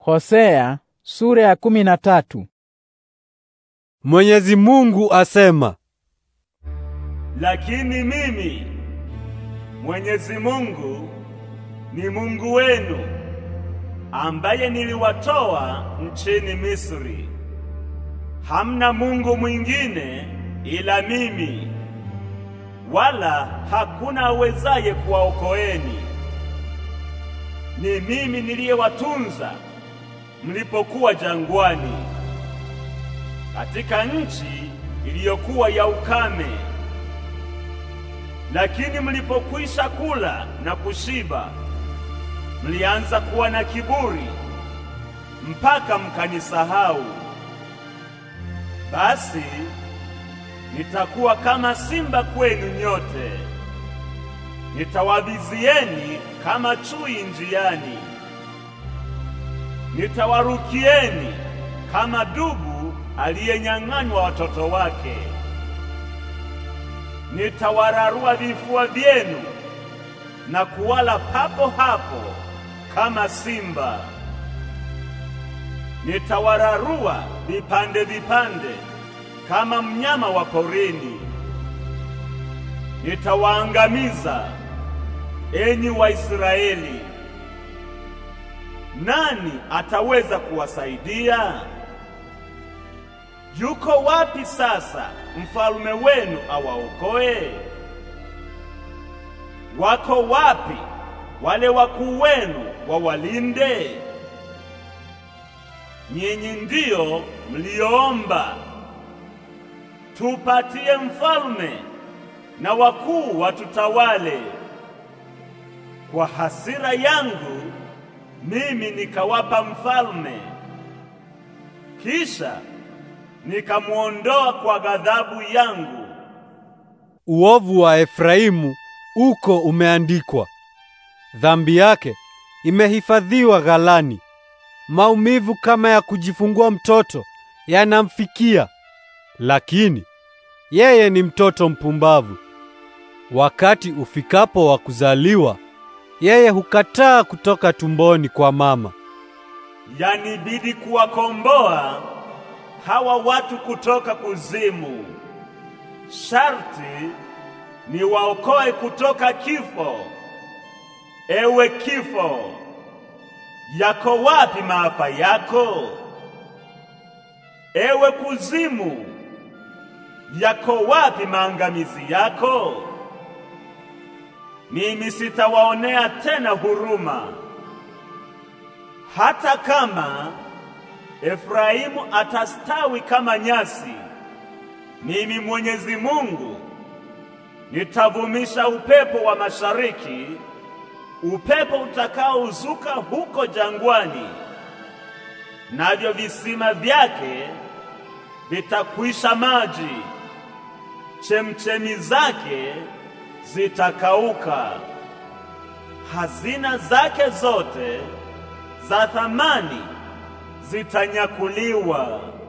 Hosea sura ya kumi na tatu. Mwenyezi Mungu asema, lakini mimi Mwenyezi Mungu ni Mungu wenu ambaye niliwatoa nchini Misri. Hamna Mungu mwingine ila mimi, wala hakuna awezaye kuwaokoeni. Ni mimi niliyewatunza mlipokuwa jangwani, katika nchi iliyokuwa ya ukame. Lakini mlipokwisha kula na kushiba, mlianza kuwa na kiburi mpaka mkanisahau. Basi nitakuwa kama simba kwenu nyote, nitawavizieni kama chui njiani nitawarukieni kama dubu aliyenyang'anywa watoto wake. Nitawararua vifua vyenu na kuwala papo hapo kama simba. Nitawararua vipande vipande kama mnyama wa porini. Nitawaangamiza enyi Waisraeli nani ataweza kuwasaidia? Yuko wapi sasa mfalme wenu awaokoe? Wako wapi wale wakuu wenu wawalinde? Nyinyi ndiyo mlioomba tupatie mfalme na wakuu watutawale. Kwa hasira yangu mimi nikawapa mfalme, kisha nikamwondoa kwa ghadhabu yangu. Uovu wa Efraimu uko umeandikwa, dhambi yake imehifadhiwa ghalani. Maumivu kama ya kujifungua mtoto yanamfikia, lakini yeye ni mtoto mpumbavu. Wakati ufikapo wa kuzaliwa yeye hukataa kutoka tumboni kwa mama. Yanibidi kuwakomboa hawa watu kutoka kuzimu. Sharti ni waokoe kutoka kifo. Ewe kifo, yako wapi maafa yako? Ewe kuzimu, yako wapi maangamizi yako? mimi sitawaonea tena huruma. Hata kama Efraimu atastawi kama nyasi, mimi Mwenyezi Mungu nitavumisha upepo wa mashariki, upepo utakaozuka huko jangwani, navyo visima vyake vitakwisha maji, chemchemi zake zitakauka, hazina zake zote za thamani zitanyakuliwa.